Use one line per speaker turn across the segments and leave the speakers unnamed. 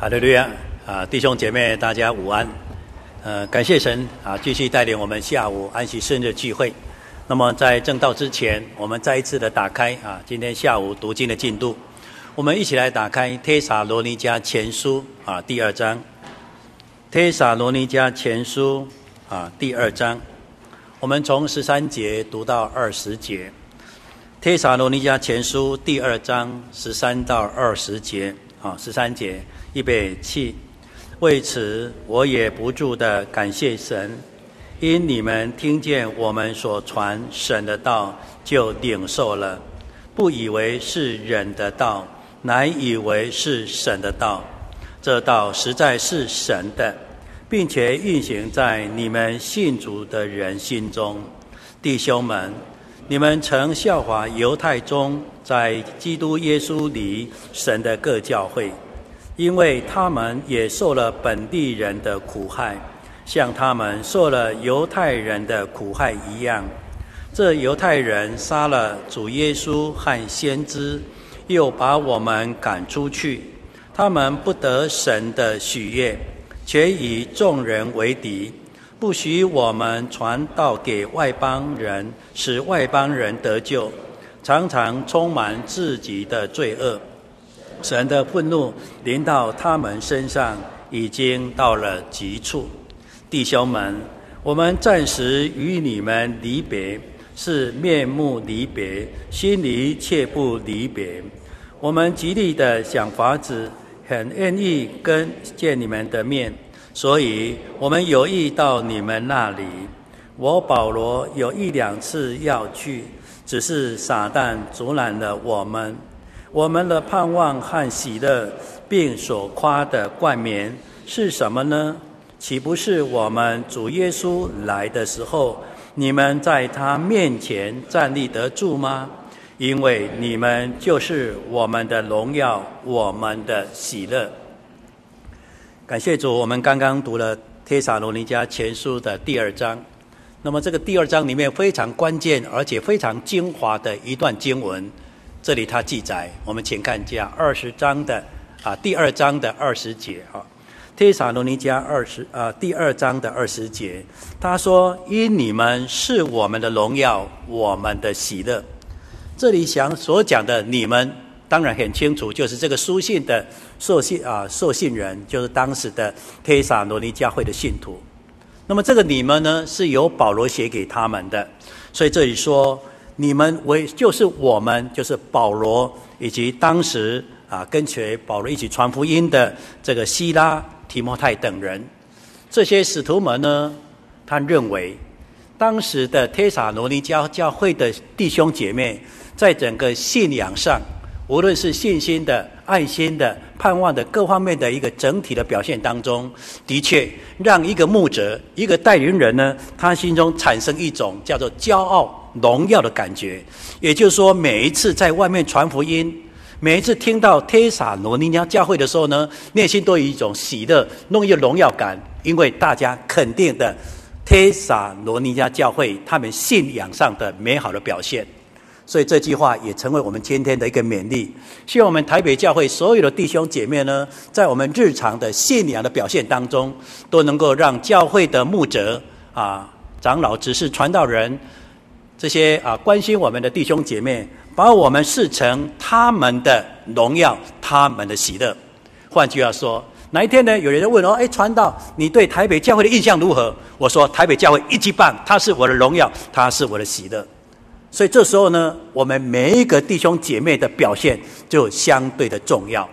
好的、啊，弟兄姐妹，大家午安。呃，感謝神啊，繼續帶領我們下午安息聖日聚會。那麼在正道之前，我們再一次的打開啊，今天下午讀經的進度。我們一起來打開《提撒羅尼加前書》啊第二章，《提撒羅尼加前書》啊第二章。我們從十三節讀到二十節，《貼薩羅尼加前書》第二章十三到二十節啊，十三節。預備起。為此，我也不住的感謝神，因你們聽見我們所傳神的道，就領受了，不以為是人的道，乃以為是神的道。這道實在是神的，並且運行在你們信主的人心中。弟兄們，你們曾效法猶太中在基督耶穌裡神的各教會。因為他們也受了本地人的苦害，像他們受了猶太人的苦害一樣。這猶太人殺了主耶穌和先知，又把我們趕出去。他們不得神的喜悅，且與眾人為敵，不許我們傳道給外邦人，使外邦人得救，常常充滿自己的罪惡。神的憤怒臨到他們身上，已經到了極處。弟兄們，我們暫時與你們離別，是面目離別，心裡卻不離別。我們極力的想法子，很願意跟見你們的面，所以我們有意到你們那裡。我保羅有一兩次要去，只是撒旦阻攔了我們。我們的盼望和喜樂，並所誇的冠冕是什麼呢？豈不是我們主耶穌來的時候，你們在他面前站立得住嗎？因為你們就是我們的榮耀，我們的喜樂。感謝主，我們剛剛讀了《帖撒羅尼迦前書》的第二章。那麼，這個第二章裡面非常關鍵而且非常精華的一段經文。這裡他記載，我們請看一下，二十章的啊，第二章的二十節啊，《帖撒羅尼迦二十啊》第二章的二十節，他、啊啊、說：“因你們是我們的榮耀，我們的喜樂。”這裡想所講的你們，當然很清楚，就是這個書信的受信啊，受信人就是當時的帖撒羅尼迦會的信徒。那麼這個你們呢，是由保羅寫給他們的，所以這裡說。你們為就是我們，就是保羅以及當時啊跟隨保羅一起傳福音的這個西拉、提摩太等人，這些使徒們呢，他認為當時的帖撒羅尼迦教會的弟兄姐妹，在整個信仰上，無論是信心的、愛心的、盼望的各方面的一個整體的表現當中，的確讓一個牧者、一個代言人呢，他心中產生一種叫做驕傲。榮耀的感覺，也就是說，每一次在外面傳福音，每一次聽到帖撒羅尼迦教會的時候呢，內心都有一種喜樂，弄一個榮耀感，因為大家肯定的帖撒羅尼迦教會他們信仰上的美好的表現，所以這句話也成為我們今天的一個勉勵。希望我們台北教會所有的弟兄姐妹呢，在我們日常的信仰的表現當中，都能夠讓教會的牧者啊、長老、執事、傳道人。這些啊，關心我們的弟兄姐妹，把我們視成他們的榮耀，他們的喜樂。換句話說，哪一天呢？有人問哦，誒，傳道，你對台北教會的印象如何？我說，台北教會一級棒，它是我的榮耀，它是我的喜樂。所以這時候呢，我們每一個弟兄姐妹的表現就相對的重要。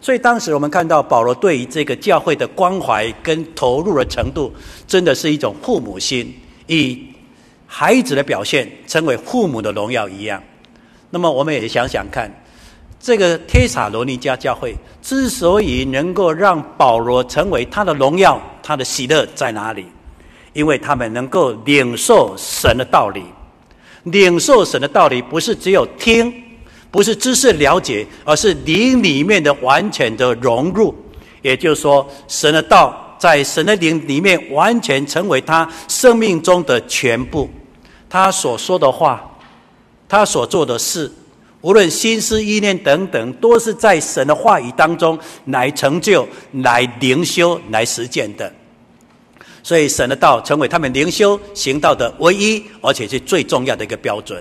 所以當時我們看到保羅對於這個教會的關懷跟投入的程度，真的是一種父母心。以孩子的表現成為父母的榮耀一樣，那麼我們也想想看，這個帖撒羅尼迦教會之所以能夠讓保羅成為他的榮耀，他的喜樂在哪裡？因為他們能夠領受神的道理，領受神的道理不是只有聽，不是知識了解，而是靈裡面的完全的融入。也就是說，神的道在神的靈裡面完全成為他生命中的全部。他所說的話，他所做的事，無論心思意念等等，都是在神的話語當中來成就、來靈修、來實踐的。所以，神的道成為他們靈修行道的唯一，而且是最重要的一個標準。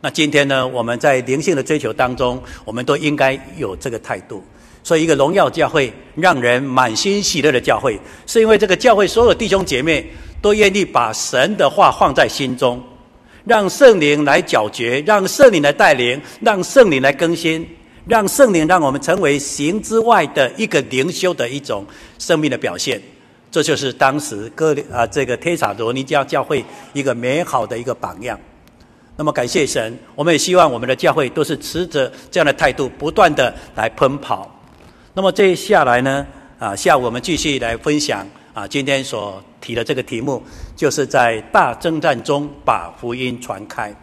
那今天呢，我們在靈性的追求當中，我們都應該有這個態度。所以，一個榮耀教會讓人滿心喜樂的教會，是因為這個教會所有弟兄姐妹都願意把神的話放在心中。讓聖靈來攪局，讓聖靈來帶領，讓聖靈來更新，讓聖靈讓我們成為行之外的一個靈修的一種生命的表現。這就是當時哥，啊這個帖撒羅尼迦教會一個美好的一個榜樣。那麼感謝神，我們也希望我們的教會都是持着這樣的態度，不斷的來奔跑。那麼接下來呢，啊，下午我們繼續來分享。啊，今天所提的這個題目，就是在大爭戰中把福音傳開。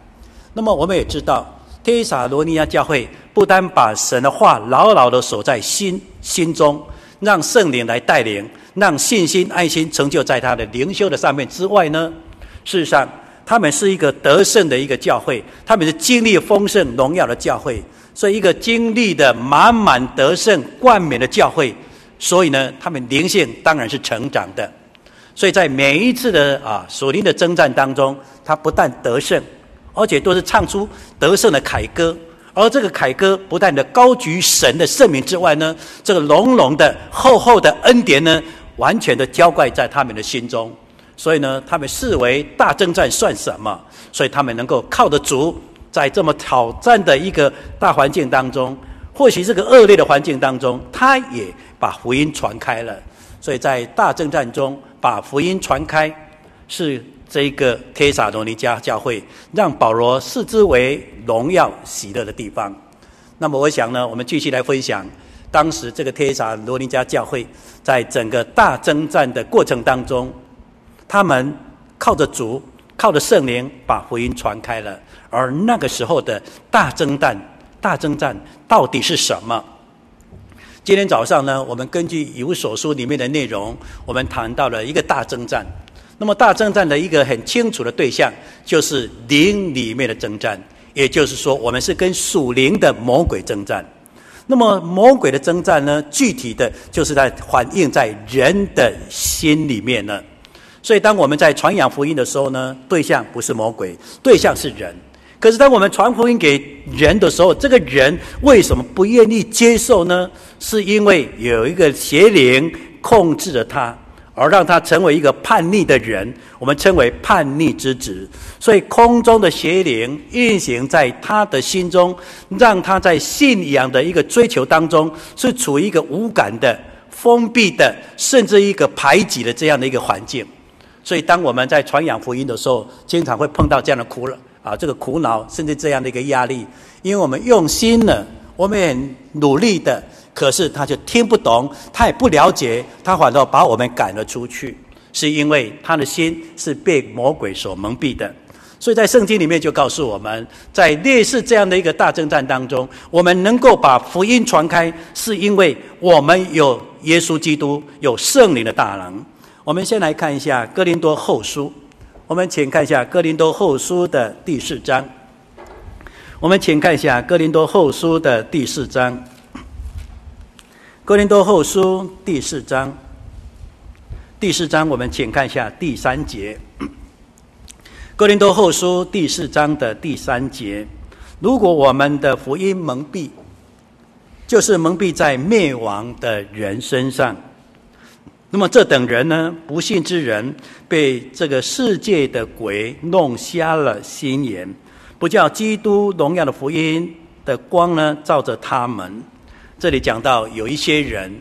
那麼我們也知道，帖撒羅尼迦教會不單把神的話牢牢地鎖在心心中，讓聖靈來帶領，讓信心愛心成就在他的靈修的上面之外呢。事實上，他們是一個得勝的一個教會，他們是經歷豐盛榮耀的教會，所以一個經歷的滿滿得勝冠冕的教會。所以呢，他們靈性當然是成長的。所以在每一次的啊，屬靈的征戰當中，他不但得勝，而且都是唱出得勝的凱歌。而這個凱歌不但的高舉神的聖名之外呢，這個濃濃的、厚厚的恩典呢，完全的澆灌在他們的心中。所以呢，他們視為大征戰算什麼？所以他們能夠靠得住，在這麼挑戰的一個大環境當中，或許這個惡劣的環境當中，他也。把福音傳開了，所以在大爭戰中把福音傳開，是這個帖撒羅尼迦教會讓保羅視之為榮耀喜樂的地方。那麼我想呢，我們繼續來分享當時這個帖撒羅尼迦教會在整個大爭戰的過程當中，他們靠着主靠着聖靈把福音傳開了。而那個時候的大爭戰，大爭戰到底是什麼？今天早上呢，我們根據《以弗所書》裡面的內容，我們談到了一個大爭戰。那麼，大爭戰的一個很清楚的對象，就是靈裡面的爭戰。也就是說，我們是跟屬靈的魔鬼爭戰。那麼，魔鬼的爭戰呢，具體的就是在反映在人的心裡面呢。所以，當我們在傳揚福音的時候呢，對象不是魔鬼，對象是人。可是，當我們傳福音給人的時候，這個人為什麼不願意接受呢？是因為有一個邪靈控制着他，而讓他成為一個叛逆的人，我們稱為叛逆之子。所以空中的邪靈運行在他的心中，讓他在信仰的一個追求當中是處於一個無感的、封閉的，甚至一個排擠的這樣的一個環境。所以當我們在傳揚福音的時候，經常會碰到這樣的苦惱啊，這個苦惱甚至這樣的一個壓力，因為我們用心了，我們也努力的。可是他就聽不懂，他也不了解，他反倒把我們趕了出去，是因為他的心是被魔鬼所蒙蔽的。所以在聖經裡面就告訴我們，在類似這樣的一個大爭戰當中，我們能夠把福音傳開，是因為我們有耶穌基督、有聖靈的大能。我們先來看一下《哥林多後書》，我們請看一下《哥林多後書》的第四章，我們請看一下《哥林多後書》的第四章。哥林多後書第四章，第四章我們請看一下第三節。哥林多後書第四章的第三節，如果我們的福音蒙蔽，就是蒙蔽在滅亡的人身上。那麼這等人呢，不信之人，被這個世界的鬼弄瞎了心眼，不叫基督榮耀的福音的光呢照着他們。這裡講到有一些人，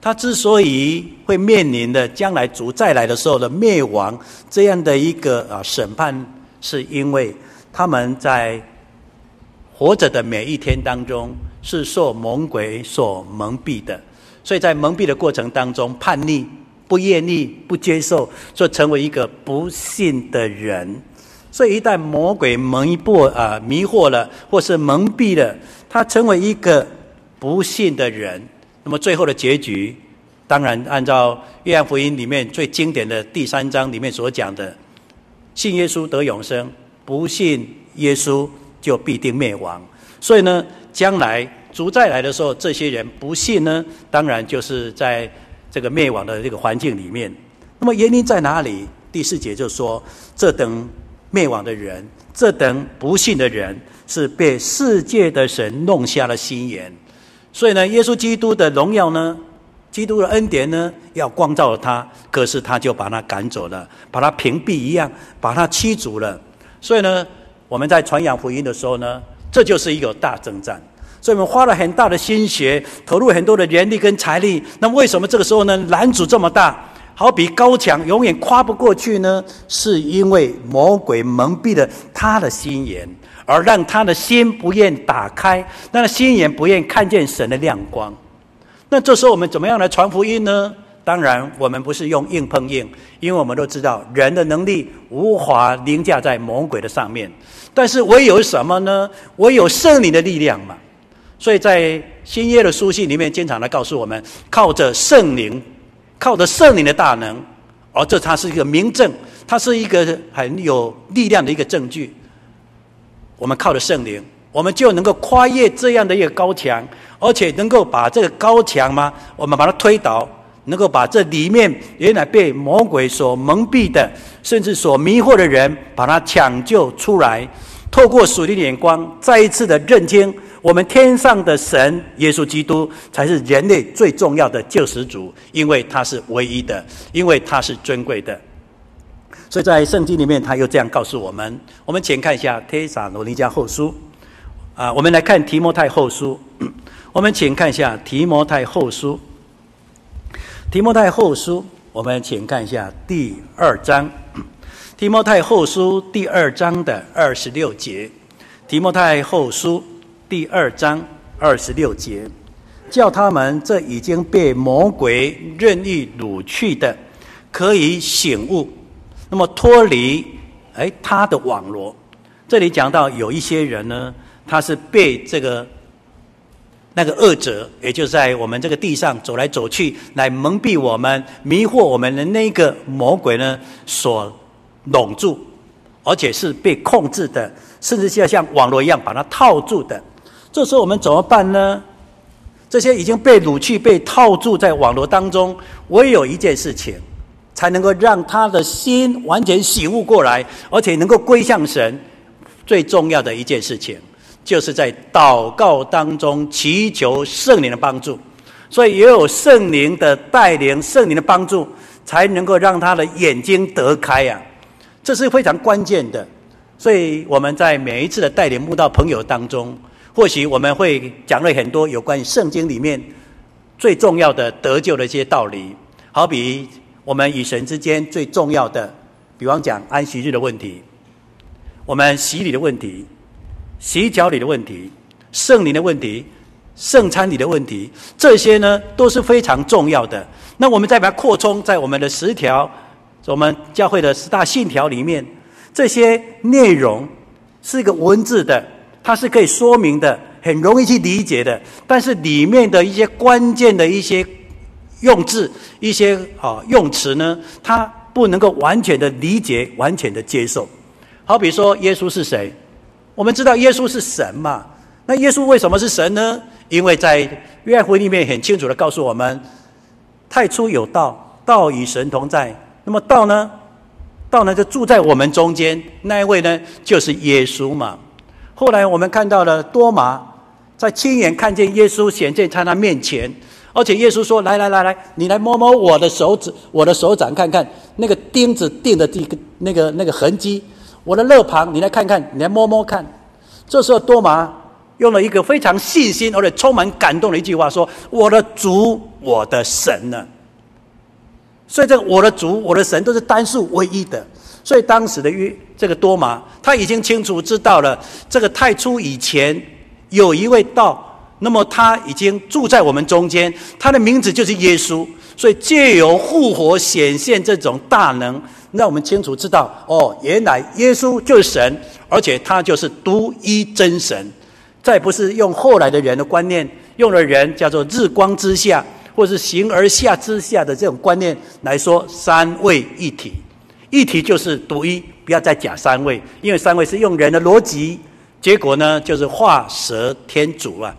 他之所以會面臨的將來主再來的時候的滅亡這樣的一個啊、呃、審判，是因為他們在活着的每一天當中是受魔鬼所蒙蔽的，所以在蒙蔽的過程當中叛逆、不願意、不接受，就成為一個不信的人。所以一旦魔鬼蒙蔽啊、呃、迷惑了，或是蒙蔽了，他成為一個。不信的人，那麼最後的結局，當然按照《約翰福音》裡面最經典的第三章裡面所講的，信耶穌得永生，不信耶穌就必定滅亡。所以呢，將來主再來的時候，這些人不信呢，當然就是在這個滅亡的這個環境裡面。那麼原因在哪裡？第四節就說，這等滅亡的人，這等不信的人，是被世界的神弄瞎了心眼。所以呢，耶穌基督的榮耀呢，基督的恩典呢，要光照了他，可是他就把他趕走了，把他屏蔽一樣，把他驅逐了。所以呢，我們在傳揚福音的時候呢，這就是一個大爭戰。所以我們花了很大的心血，投入很多的人力跟財力。那為什麼這個時候呢，攔阻這麼大，好比高牆永遠跨不過去呢？是因為魔鬼蒙蔽了他的心眼。而讓他的心不願打開，讓心眼不願看見神的亮光。那這時候我們怎麼樣來傳福音呢？當然，我們不是用硬碰硬，因為我們都知道人的能力無法凌駕在魔鬼的上面。但是，我有什麼呢？我有聖靈的力量嘛。所以在新約的書信裡面，經常來告訴我們，靠着聖靈，靠着聖靈的大能。而、哦、這，它是一個明證，它是一個很有力量的一個證據。我們靠着聖靈，我們就能夠跨越這樣的一個高牆，而且能夠把這個高牆嘛，我們把它推倒，能夠把這裡面原來被魔鬼所蒙蔽的，甚至所迷惑的人，把它搶救出來，透過屬靈的眼光，再一次的認清我們天上的神耶穌基督才是人類最重要的救世主，因為他是唯一的，因為他是尊貴的。所以在聖經裡面，他又這樣告訴我們。我們請看一下《帖撒羅尼迦後書》啊、呃，我們來看《提摩太後書》。我們請看一下提摩太後書《提摩太後書》。《提摩太後書》，我們請看一下第二章，《提摩太後書》第二章的二十六節，《提摩太後書》第二章二十六節，叫他們這已經被魔鬼任意擄去的，可以醒悟。那麼脫離哎他的網羅。這裡講到有一些人呢，他是被這個那個惡者，也就在我們這個地上走來走去，來蒙蔽我們、迷惑我們的那個魔鬼呢，所籠住，而且是被控制的，甚至是要像網羅一樣把它套住的。這時候我們怎麼辦呢？這些已經被擄去、被套住在網羅當中，唯有一件事情，才能夠讓他的心完全醒悟過來，而且能夠歸向神。最重要的一件事情，就是在禱告當中祈求聖靈的幫助。所以，也有聖靈的帶領、聖靈的幫助，才能夠讓他的眼睛得開啊！這是非常關鍵的。所以，我們在每一次的帶領慕道朋友當中，或許我們會講了很多有關於聖經裡面最重要的得救的一些道理，好比。我們與神之間最重要的，比方講安息日的問題，我們洗禮的問題，洗腳禮的問題，聖靈的問題，聖餐禮的問題，這些呢都是非常重要的。那我們再把它擴充在我們的十條，我們教會的十大信條裡面，這些內容是一個文字的，它是可以說明的，很容易去理解的，但是裡面的一些關鍵的一些。用字一些啊、哦、用詞呢，他不能夠完全的理解，完全的接受。好比說，耶穌是誰？我們知道耶穌是神嘛。那耶穌為什麼是神呢？因為在約翰福音裡面很清楚的告訴我們：太初有道，道與神同在。那麼道呢？道呢就住在我們中間，那一位呢就是耶穌嘛。後來我們看到了多瑪，在親眼看見耶穌顯現在他，他面前。而且耶穌說：“來來來來，你來摸摸我的手指，我的手掌，看看那個釘子釘的這個那個那個痕跡。我的肋旁，你來看看，你來摸摸看。”這時候多瑪用了一個非常細心而且充滿感動的一句話說：“我的主，我的神呢？”所以這個“我的主”“我的神”都是單數唯一的。所以當時的約這個多瑪，他已經清楚知道了，這個太初以前有一位道。那麼他已經住在我們中間，他的名字就是耶穌。所以借由復活顯現這種大能，讓我們清楚知道：哦，原來耶穌就是神，而且他就是獨一真神，再不是用後來的人的觀念，用了人叫做“日光之下”或是“形而下之下的”這種觀念來說三位一體。一體就是獨一，不要再講三位，因為三位是用人的邏輯，結果呢就是畫蛇添足啊。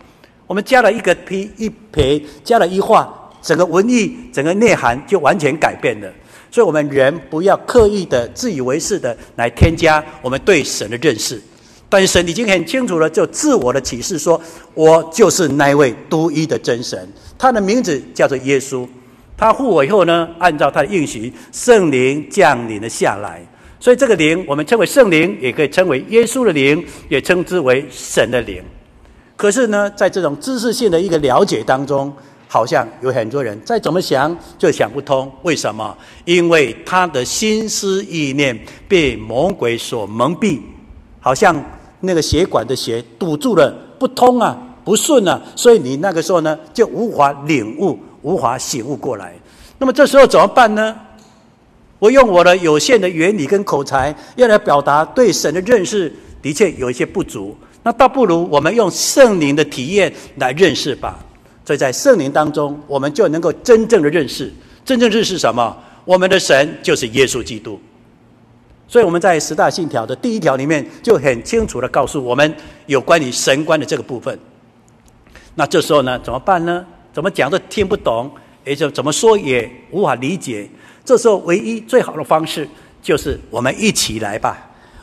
我們加了一個批，一撇加了一畫，整個文藝，整個內涵就完全改變了。所以，我們人不要刻意的、自以為是的來添加我們對神的認識。但是，神已經很清楚了，就自我的啟示說：“我就是那位獨一的真神，他的名字叫做耶穌。他復活以後呢，按照他的應許，聖靈降臨了下來。所以，這個靈我們稱為聖靈，也可以稱為耶穌的靈，也稱之為神的靈。”可是呢，在這種知識性的一個了解當中，好像有很多人再怎麼想就想不通，為什麼？因為他的心思意念被魔鬼所蒙蔽，好像那個血管的血堵住了，不通啊，不順啊，所以你那個時候呢，就無法領悟，無法醒悟過來。那麼這時候怎麼辦呢？我用我的有限的原理跟口才，要來表達對神的認識，的確有一些不足。那倒不如我們用聖靈的體驗來認識吧。所以在聖靈當中，我們就能夠真正的認識。真正認識什麼？我們的神就是耶穌基督。所以我們在十大信條的第一條裡面就很清楚地告訴我們有關於神觀的這個部分。那這時候呢，怎麼辦呢？怎麼講都聽不懂，也就怎麼說也無法理解。這時候唯一最好的方式就是我們一起來吧。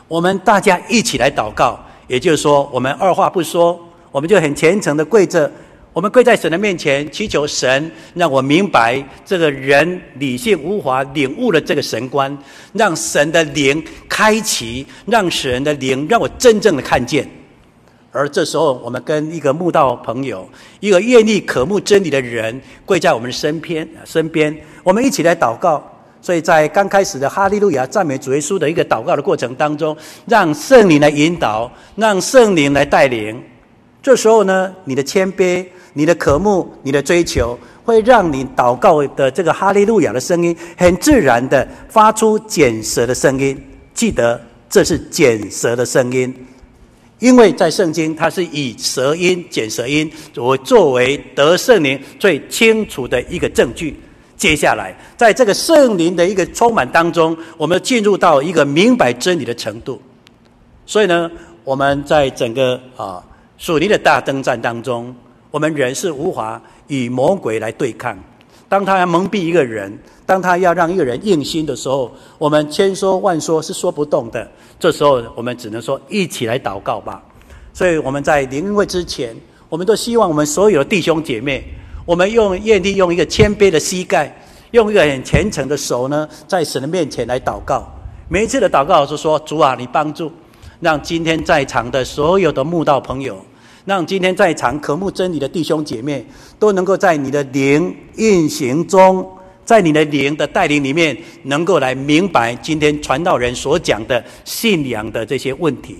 我們大家一起來禱告。也就是說，我們二話不說，我們就很虔誠的跪着，我們跪在神的面前，祈求神讓我明白，這個人理性無法領悟的這個神觀，讓神的靈開啟，讓神的靈讓我真正的看見。而這時候，我們跟一個慕道朋友，一個願力渴慕真理的人，跪在我們身邊，身邊，我們一起來禱告。所以在剛開始的哈利路亞讚美主耶穌的一個禱告的過程當中，讓聖靈來引導，讓聖靈來帶領。這時候呢，你的謙卑、你的渴慕、你的追求，會讓你禱告的這個哈利路亞的聲音很自然地發出捲舌的聲音。記得這是捲舌的聲音，因為在聖經它是以舌音、捲舌音，我作為得聖靈最清楚的一個證據。接下來，在這個聖靈的一個充滿當中，我們進入到一個明白真理的程度。所以呢，我們在整個啊屬靈的大爭戰當中，我們人是無法與魔鬼來對抗。當他要蒙蔽一個人，當他要讓一個人硬心的時候，我們千說萬說是說不動的。這時候，我們只能說一起來禱告吧。所以我們在靈會之前，我們都希望我們所有的弟兄姐妹。我們用願力，用一個謙卑的膝蓋，用一個很虔誠的手呢，在神的面前來禱告。每一次的禱告，是說，主啊，你幫助，讓今天在場的所有的慕道朋友，讓今天在場渴慕真理的弟兄姐妹，都能夠在你的靈運行中，在你的靈的帶領裡面，能夠來明白今天傳道人所講的信仰的這些問題，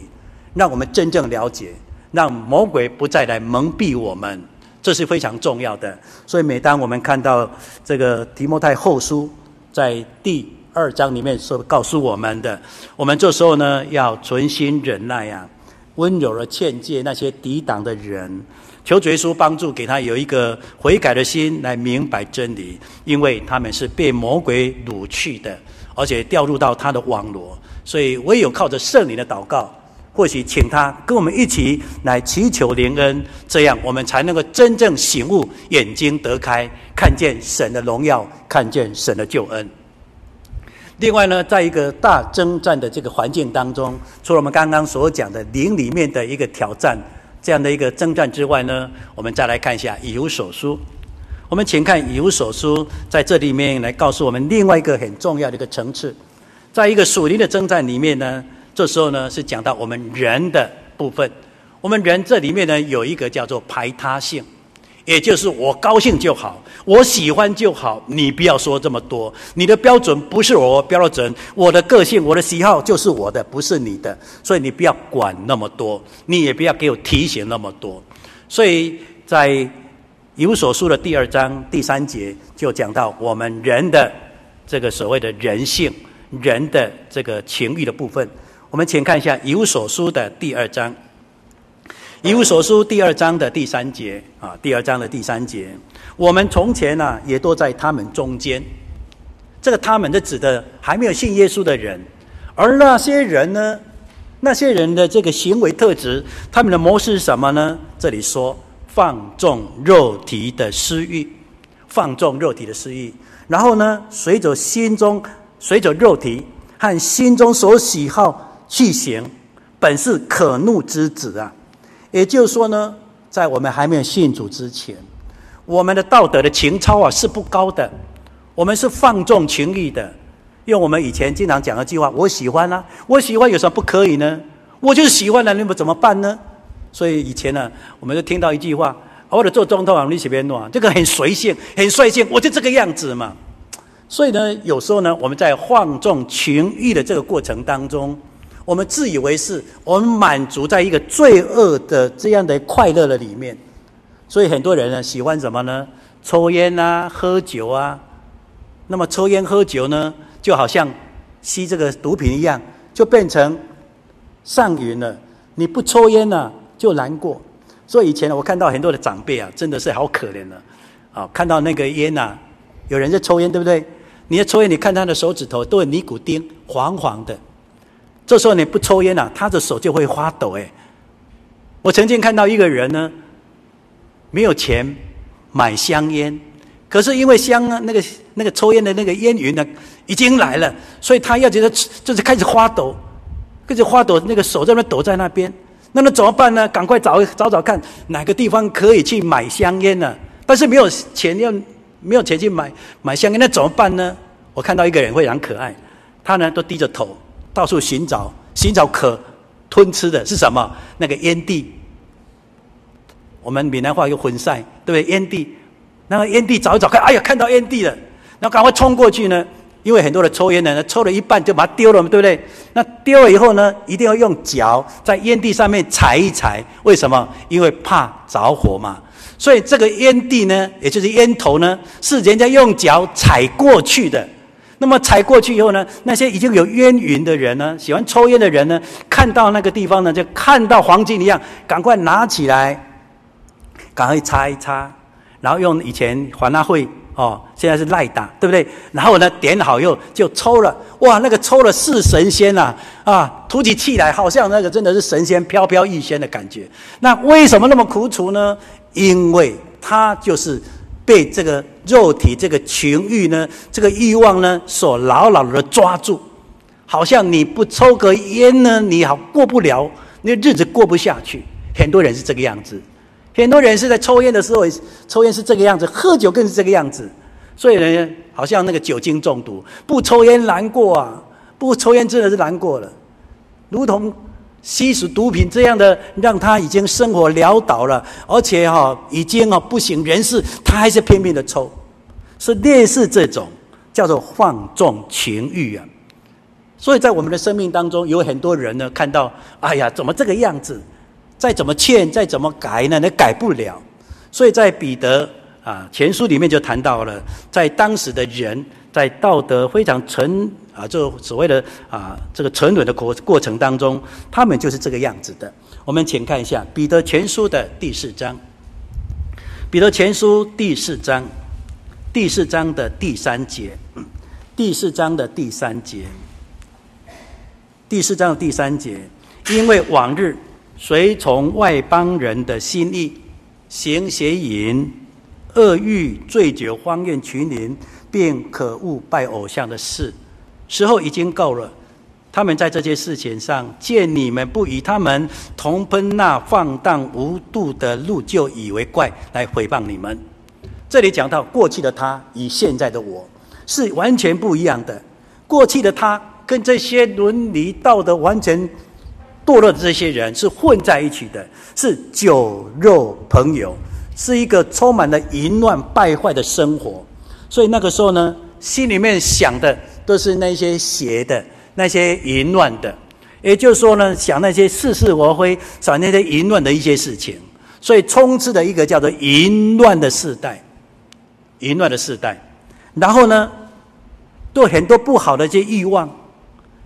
讓我們真正了解，讓魔鬼不再來蒙蔽我們。這是非常重要的，所以每當我們看到這個提摩太後書在第二章裡面說告訴我們的，我們這時候呢，要存心忍耐呀、啊，溫柔地勸誡那些抵擋的人，求主耶穌幫助，給他有一個悔改的心，來明白真理，因為他們是被魔鬼擄去的，而且掉入到他的網羅，所以唯有靠着聖靈的禱告。或許請他跟我們一起來祈求靈恩，這樣我們才能夠真正醒悟，眼睛得開，看見神的榮耀，看見神的救恩。另外呢，在一個大爭戰的這個環境當中，除了我們剛剛所講的靈裡面的一個挑戰，這樣的一個爭戰之外呢，我們再來看一下以弗所書。我們請看以弗所書，在這裡面來告訴我們另外一個很重要的一個層次，在一個屬靈的爭戰裡面呢。這時候呢，是講到我們人的部分。我們人這裡面呢，有一個叫做排他性，也就是我高興就好，我喜歡就好，你不要說這麼多。你的標準不是我，我標準，我的個性、我的喜好就是我的，不是你的，所以你不要管那麼多，你也不要給我提醒那麼多。所以在有所書的第二章第三節，就講到我們人的這個所謂的人性，人的這個情欲的部分。我們請看一下《以弗所書》的第二章，《以弗所書》第二章的第三節啊，第二章的第三節。我們從前呢、啊、也都在他們中間，這個“他們”的指的還沒有信耶穌的人，而那些人呢，那些人的這個行為特質，他們的模式是什麼呢？這裡說放縱肉體的私欲，放縱肉體的私欲，然後呢，隨着心中隨着肉體和心中所喜好其行，本是可怒之子啊，也就是說呢，在我們還沒有信主之前，我們的道德的情操啊是不高的，我們是放縱情欲的。因為我們以前經常講一句話：“我喜歡啊，我喜歡有什麼不可以呢？我就是喜歡了，那麼怎麼辦呢？”所以以前呢、啊，我們就聽到一句話：“或者做中統啊，你隨便弄啊，這個很隨性，很率性，我就這個樣子嘛。”所以呢，有時候呢，我們在放縱情欲的這個過程當中。我們自以為是，我們滿足在一個罪惡的這樣的快樂的裡面，所以很多人呢喜歡什麼呢？抽煙啊，喝酒啊。那麼抽煙喝酒呢，就好像吸這個毒品一樣，就變成上癮了。你不抽煙呢、啊，就難過。所以以前我看到很多的長輩啊，真的是好可憐的、啊。啊、哦，看到那個煙吶、啊，有人在抽煙，對不對？你在抽煙，你看他的手指頭都有尼古丁，黃黃的。這時候你不抽煙啊，他的手就會發抖。誒。我曾經看到一個人呢，沒有錢買香煙，可是因為香那個那個抽煙的那個煙雲呢已經來了，所以他要覺得就是開始發抖，開始發抖，那個手在那抖在那邊，那麼怎麼辦呢？趕快找找找看哪個地方可以去買香煙呢？啊？但是沒有錢要沒有錢去買買香煙，那怎麼辦呢？我看到一個人非常可愛，他呢都低着頭。到處尋找尋找可吞吃的是什麼？那個煙蒂。我們閩南話有葷菜，對不對？煙蒂，那個煙蒂找一找看，哎呀，看到煙蒂了，那趕快衝過去呢。因為很多的抽煙人呢，抽了一半就把它丟了嘛，對不對？那丟了以後呢，一定要用腳在煙蒂上面踩一踩，為什麼？因為怕着火嘛。所以這個煙蒂呢，也就是煙頭呢，是人家用腳踩過去的。那麼踩過去以後呢，那些已經有煙癮的人呢，喜歡抽煙的人呢，看到那個地方呢，就看到黃金一樣，趕快拿起來，趕快擦一擦，然後用以前華納會哦，現在是賴打，對不對？然後呢，點好以後就抽了，哇，那個抽了是神仙吶、啊，啊，吐起氣來好像那個真的是神仙飄飄欲仙的感覺。那為什麼那麼苦楚呢？因為它就是。被這個肉體、這個情慾呢、這個慾望呢所牢牢的抓住，好像你不抽個煙呢，你好過不了，你的日子過不下去。很多人是這個樣子，很多人是在抽煙的時候，抽煙是這個樣子，喝酒更是這個樣子。所以呢，好像那個酒精中毒，不抽煙難過啊，不抽煙真的是難過了，如同。吸食毒品這樣的，讓他已經生活潦倒了，而且哈、哦、已經哦不省人事，他還是拼命的抽，是類似這種叫做放縱情欲啊。所以在我們的生命當中，有很多人呢，看到哎呀怎麼這個樣子，再怎麼勸，再怎麼改呢，你改不了。所以在彼得啊前書裡面就談到了，在當時的人在道德非常純。啊，就所謂的啊，這個沉淪的過過程當中，他們就是這個樣子的。我們請看一下《彼得前書》的第四章，《彼得前書》第四章，第四章的第三節，第四章的第三節，第四章的第三節，因為往日隨從外邦人的心意，行邪淫、惡慾、醉酒、荒宴、群飲，並可惡拜偶像的事。時候已經夠了，他們在這些事情上見你們不與他們同奔那放蕩無度的路，就以為怪來誹謗你們。這裡講到過去的他與現在的我是完全不一樣的。過去的他跟這些倫理道德完全墮落的這些人是混在一起的，是酒肉朋友，是一個充滿了淫亂敗壞的生活。所以那個時候呢，心裡面想的。都是那些邪的、那些淫亂的，也就是說呢，想那些是是非非，想那些淫亂的一些事情，所以充斥了一個叫做淫亂的世代，淫亂的世代。然後呢，對很多不好的一些慾望，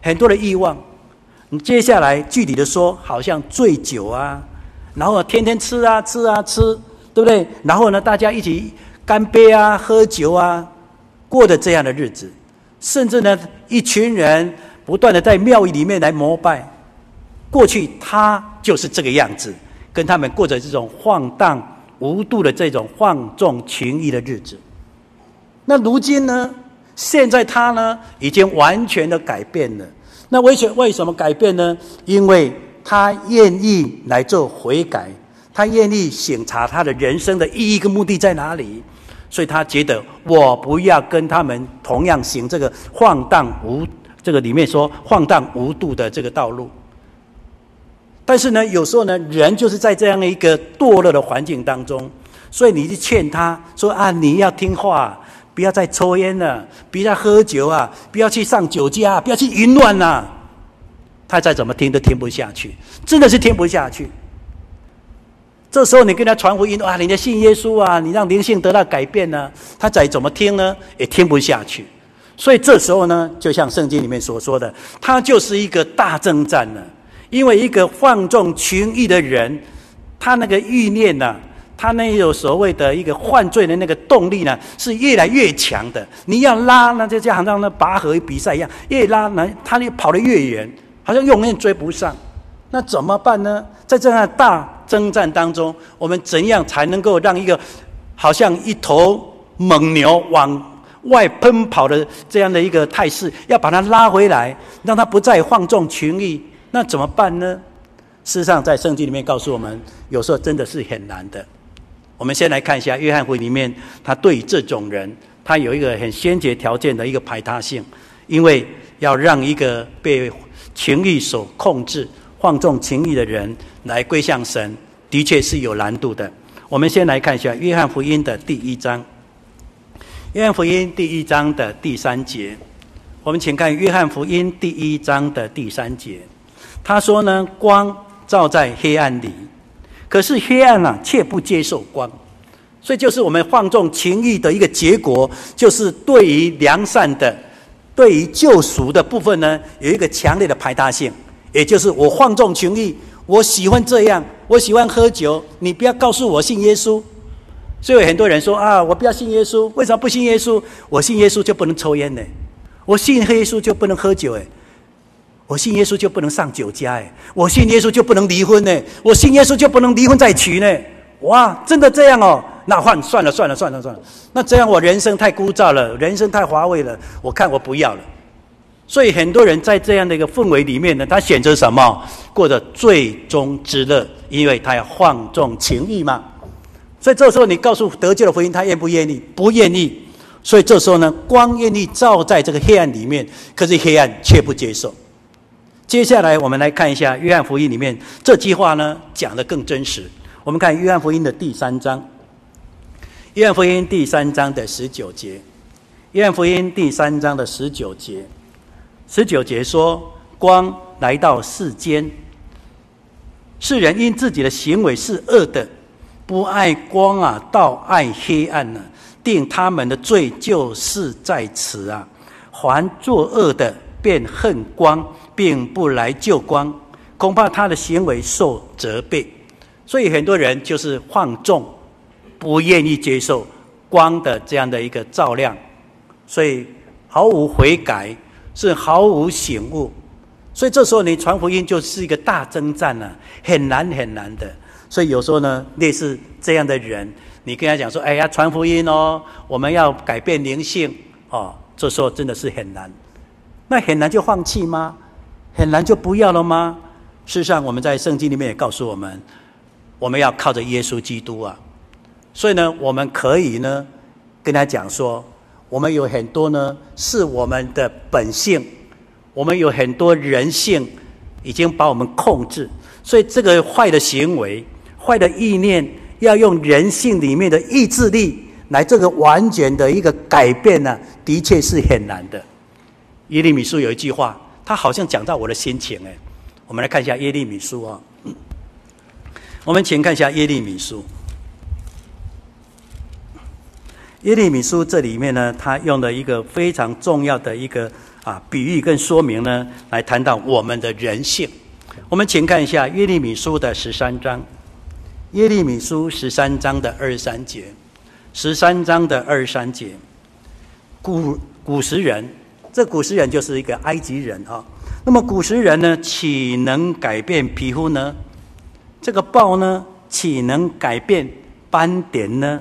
很多的慾望。你接下來具體的說，好像醉酒啊，然後天天吃啊、吃啊、吃，對不對？然後呢，大家一起乾杯啊、喝酒啊，過的這樣的日子。甚至呢，一群人不斷的在廟宇裡面來膜拜。過去他就是這個樣子，跟他們過着這種放蕩無度的這種放縱情慾的日子。那如今呢？現在他呢，已經完全的改變了。那為什為什麼改變呢？因為他願意來做悔改，他願意省察他的人生的意義跟目的在哪裡。所以他覺得，我不要跟他們同樣行這個晃蕩無，這個裡面說晃蕩無度的這個道路。但是呢，有時候呢，人就是在這樣的一個墮落的環境當中，所以你就勸他說啊，你要聽話，不要再抽煙了、啊，不要再喝酒啊，不要去上酒家、啊，不要去淫亂了。他再怎麼聽都聽不下去，真的是聽不下去。這時候你跟他傳福音，哇，人家信耶穌啊，你讓靈性得到改變呢，啊？他再怎麼聽呢，也聽不下去。所以這時候呢，就像聖經裡面所說的，他就是一個大爭戰呢。因為一個放縱情欲的人，他那個慾念吶，啊，他那有所謂的一個犯罪的那個動力呢，是越來越強的。你要拉，那就像像那拔河比賽一樣，越拉呢，他就跑得越遠，好像永遠追不上。那怎麼辦呢？在這樣大。征戰當中，我們怎樣才能夠讓一個好像一頭猛牛往外奔跑的這樣的一個態勢，要把它拉回來，讓它不再放縱情欲，那怎麼辦呢？事實上，在聖經裡面告訴我們，有時候真的是很難的。我們先來看一下約翰福音裡面，他對這種人，他有一個很先決條件的一個排他性，因為要讓一個被情欲所控制、放縱情欲的人。來歸向神，的確是有難度的。我們先來看一下約翰福音的第一章《約翰福音》的第一章，《約翰福音》第一章的第三節。我們請看《約翰福音》第一章的第三節，他說呢：“光照在黑暗裡，可是黑暗啊，卻不接受光。所以，就是我們放縱情欲的一個結果，就是對於良善的、對於救贖的部分呢，有一個強烈的排他性。也就是我放縱情欲。”我喜歡這樣，我喜歡喝酒，你不要告訴我信耶穌。所以很多人說啊，我不要信耶穌，為什麼不信耶穌？我信耶穌就不能抽菸呢？我信耶穌就不能喝酒誒？我信耶穌就不能上酒家誒？我信耶穌就不能離婚呢？我信耶穌就不能離婚再娶呢？哇，真的這樣哦？那換算了算了算了算了，那這樣我人生太枯燥了，人生太乏味了，我看我不要了。所以很多人在這樣的一個氛圍裡面呢，他選擇什麼？過着罪中之樂，因為他要放縱情慾嘛。所以這時候你告訴得救的福音，他願不願意？不願意。所以這時候呢，光願意照在這個黑暗裡面，可是黑暗卻不接受。接下來我們來看一下約翰福音裡面這句話呢，講得更真實。我們看約翰福音的第三章，約翰福音第三章的十九節，約翰福音第三章的十九節。十九節說：“光來到世間，世人因自己的行為是惡的，不愛光啊，倒愛黑暗呢、啊。定他們的罪就是在此啊。還作惡的，便恨光，並不來就光。恐怕他的行為受責備，所以很多人就是放縱，不願意接受光的這樣的一個照亮，所以毫無悔改。”是毫無醒悟，所以這時候你傳福音就是一個大爭戰了啊，很難很難的。所以有時候呢，類似這樣的人，你跟他講說：“哎呀，傳福音哦，我們要改變靈性哦。”這時候真的是很難。那很難就放棄嗎？很難就不要了嗎？事實上，我們在聖經裡面也告訴我們，我們要靠着耶穌基督啊。所以呢，我們可以呢跟他講說。我們有很多呢，是我們的本性；我們有很多人性，已經把我們控制。所以，這個壞的行為、壞的意念，要用人性裡面的意志力來這個完全的一個改變呢，的確是很難的。耶利米書有一句話，他好像講到我的心情哎。我們來看一下耶利米書啊。我們請看一下耶利米書。耶利米書這裡面呢，他用了一個非常重要的一個啊比喻跟說明呢，來談到我們的人性。我們請看一下耶利米書的十三章，耶利米書十三章的二十三節，十三章的二十三節。古古時人，這古時人就是一個埃及人啊、哦。那麼古時人呢，豈能改變皮膚呢？這個豹呢，豈能改變斑點呢？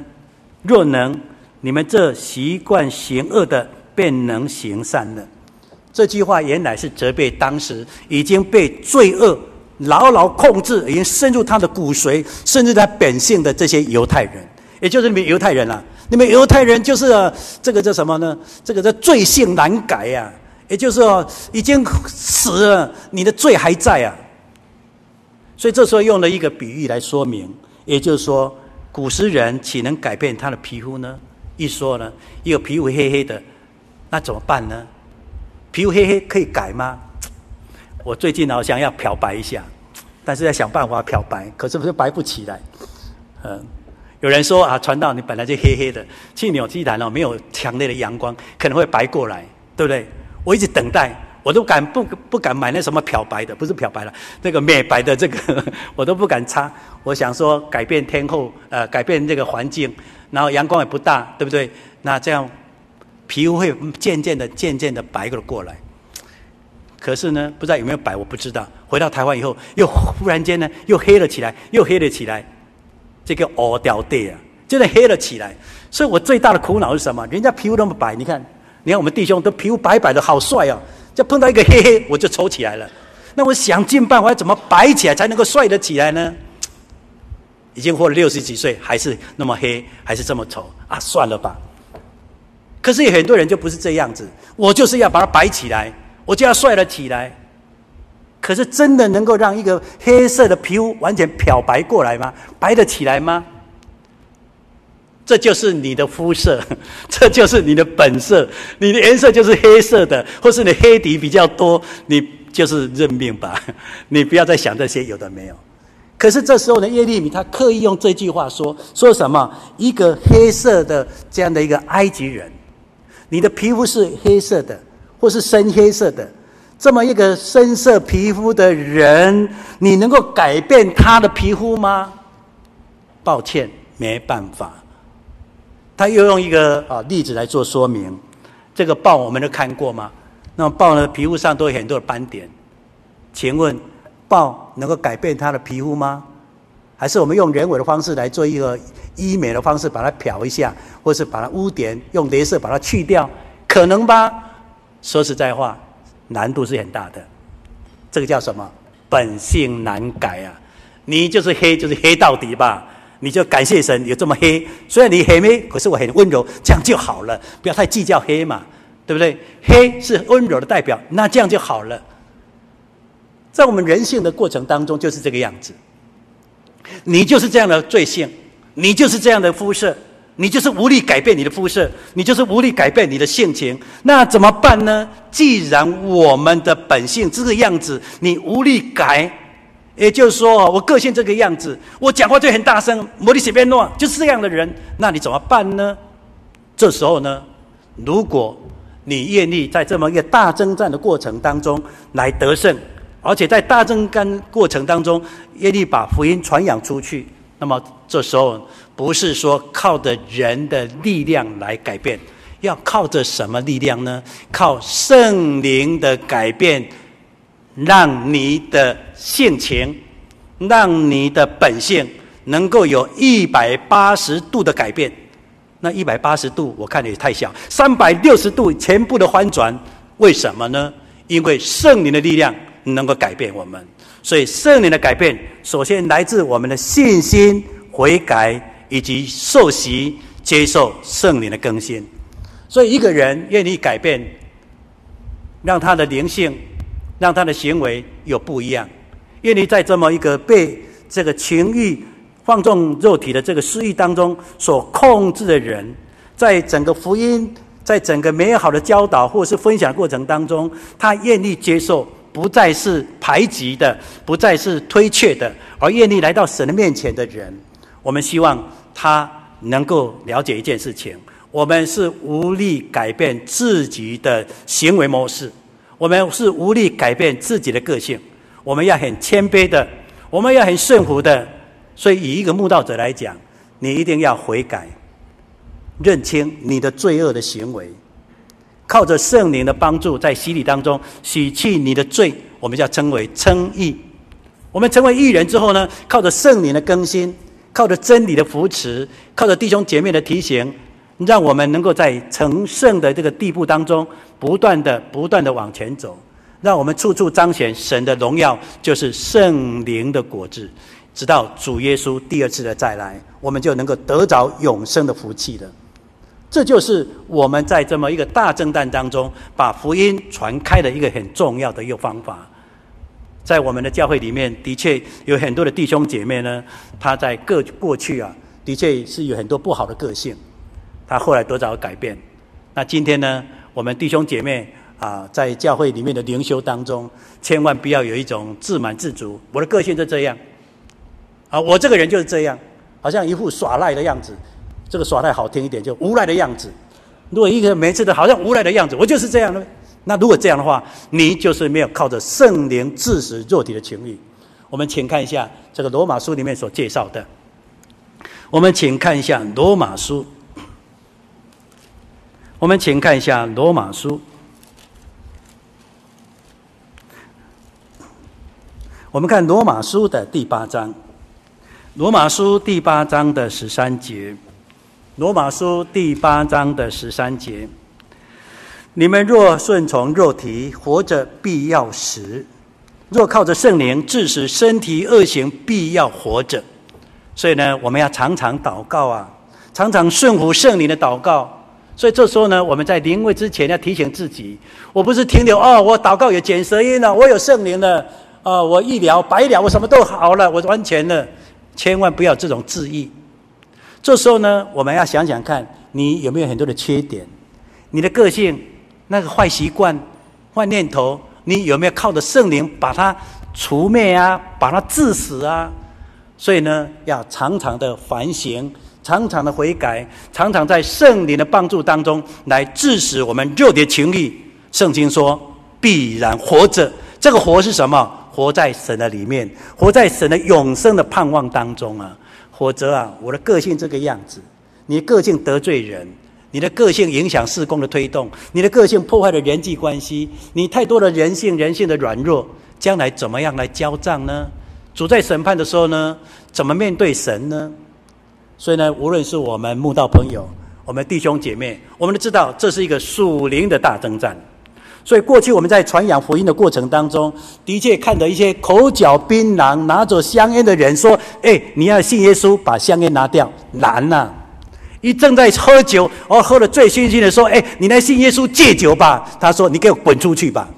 若能。你們這習慣行惡的，便能行善了。這句話也乃是責備當時已經被罪惡牢牢控制、已經深入他的骨髓、甚至他本性的這些猶太人，也就是你們猶太人啦、啊。你們猶太人就是這個叫什麼呢？這個叫罪性難改呀、啊。也就是說、哦，已經死了，你的罪還在啊。所以這時候用了一個比喻來說明，也就是說，古實人豈能改變他的皮膚呢？一說呢，一個皮膚黑黑的，那怎麼辦呢？皮膚黑黑可以改嗎？我最近好想要漂白一下，但是在想辦法漂白，可是不是白不起來。嗯，有人說啊，傳道你本來就黑黑的，去紐西蘭哦，沒有強烈的陽光，可能會白過來，對不對？我一直等待。我都敢不不敢買那什麼漂白的，不是漂白的，那個美白的這個我都不敢擦。我想說改變天候，呃，改變這個環境，然後陽光也不大，對不對？那這樣皮膚會漸漸的、漸漸的白個過來。可是呢，不知道有沒有白，我不知道。回到台灣以後，又忽然間呢，又黑了起來，又黑了起來。這個哦，掉 l 啊，真的黑了起來。所以我最大的苦惱是什麼？人家皮膚那麼白，你看，你看我們弟兄都皮膚白白的好帥啊、哦。就碰到一個黑黑，我就醜起來了。那我想盡辦法怎麼白起來才能夠帥得起來呢？已經過了六十幾歲，還是那麼黑，還是這麼醜啊！算了吧。可是很多人就不是這樣子，我就是要把它白起來，我就要帥得起來。可是真的能夠讓一個黑色的皮膚完全漂白過來嗎？白得起來嗎？這就是你的膚色，這就是你的本色。你的顏色就是黑色的，或是你黑底比較多，你就是認命吧。你不要再想這些有的沒有。可是這時候呢，耶利米他刻意用這句話說：“說什麼一個黑色的這樣的一個埃及人，你的皮膚是黑色的或是深黑色的，這麼一個深色皮膚的人，你能夠改變他的皮膚嗎？”抱歉，沒辦法。他又用一個啊例子來做說明，這個豹我們都看過嗎？那麼豹呢，皮膚上都有很多的斑點。請問，豹能夠改變它的皮膚嗎？還是我們用人為的方式來做一個醫美的方式，把它漂一下，或是把它污點用鐳射把它去掉？可能吧？說實在話，難度是很大的。這個叫什麼？本性難改啊！你就是黑，就是黑到底吧。你就感謝神，有這麼黑。雖然你很黑，黑，可是我很溫柔，這樣就好了。不要太計較黑嘛，對不對？黑是溫柔的代表，那這樣就好了。在我們人性的過程當中，就是這個樣子。你就是這樣的罪性，你就是這樣的膚色，你就是無力改變你的膚色，你就是無力改變你的性情。那怎麼辦呢？既然我們的本性這個樣子，你無力改。也就是說，我個性這個樣子，我講話就很大聲，莫莉隨貝諾就是這樣的人。那你怎麼辦呢？這時候呢，如果你願意在這麼一個大爭戰的過程當中來得勝，而且在大爭戰過程當中，願意把福音傳揚出去，那麼這時候不是說靠着人的力量來改變，要靠着什麼力量呢？靠聖靈的改變。讓你的性情，讓你的本性能夠有一百八十度的改變。那一百八十度我看也太小，三百六十度全部的翻轉，為什麼呢？因為聖靈的力量能夠改變我們。所以聖靈的改變，首先來自我們的信心、悔改以及受洗、接受聖靈的更新。所以一個人願意改變，讓他的靈性。讓他的行為有不一樣，願意在這麼一個被這個情欲放縱肉體的這個私欲當中所控制的人，在整個福音，在整個美好的教導或是分享過程當中，他願意接受，不再是排擠的，不再是推卻的，而願意來到神的面前的人，我們希望他能夠了解一件事情，我們是無力改變自己的行為模式。我們是無力改變自己的個性，我們要很謙卑的，我們要很順服的。所以，以一個慕道者來講，你一定要悔改，認清你的罪惡的行為，靠着聖靈的幫助，在洗禮當中洗去你的罪，我們叫稱為稱義。我們成為義人之後呢，靠着聖靈的更新，靠着真理的扶持，靠着弟兄姐妹的提醒，讓我們能夠在成聖的這個地步當中，不斷的、不斷的往前走，讓我們處處彰顯神的榮耀，就是聖靈的果子，直到主耶穌第二次的再來，我們就能夠得着永生的福氣了。這就是我們在這麼一個大爭戰當中，把福音傳開的一個很重要的一個方法。在我們的教會裡面，的確有很多的弟兄姐妹呢，他在各過去啊，的確是有很多不好的個性，他後來得着改變。那今天呢？我們弟兄姐妹啊，在教會裡面的靈修當中，千萬不要有一種自滿自足。我的個性就這樣，啊，我這個人就是這樣，好像一副耍賴的樣子，這個耍賴好聽一點，就無賴的樣子。如果一個人每次的好像無賴的樣子，我就是這樣的。那如果這樣的話，你就是沒有靠着聖靈治死肉體的情慾。我們請看一下這個羅馬書裡面所介紹的。我們請看一下羅馬書。我們請看一下《羅馬書》，我們看《羅馬書》的第八章，《羅馬書》第八章的十三節，《羅馬書》第八章的十三節：你們若順從肉體，活着必要死；若靠着聖靈，治死身體惡行必要活着。所以呢，我們要常常禱告啊，常常順服聖靈的禱告。所以這時候呢，我們在臨位之前要提醒自己：我不是停留哦，我禱告有撿舌音了，我有聖靈了，呃，我一了百了，我什麼都好了，我完全了。千萬不要這種自義。這時候呢，我們要想想看，你有沒有很多的缺點，你的個性那個壞習慣、壞念頭，你有沒有靠着聖靈把它除滅啊，把它治死啊？所以呢，要常常的反省。常常的悔改，常常在聖靈的幫助當中來治死我們肉體情慾。聖經說，必然活着。這個活是什麼？活在神的裡面，活在神的永生的盼望當中啊！活着啊！我的個性這個樣子，你個性得罪人，你的個性影響事工的推動，你的個性破壞了人際關係，你太多的人性，人性的軟弱，將來怎麼樣來交賬呢？主在審判的時候呢？怎麼面對神呢？所以呢，無論是我們慕道朋友，我們弟兄姐妹，我們都知道這是一個屬靈的大爭戰。所以過去我們在傳揚福音的過程當中，的確看到一些口嚼檳榔、拿着香煙的人說：“誒，你要信耶穌，把香煙拿掉。”難吶、啊！一正在喝酒，而喝得醉醺醺的說：“誒，你來信耶穌，戒酒吧。”他說：“你給我滾出去吧！”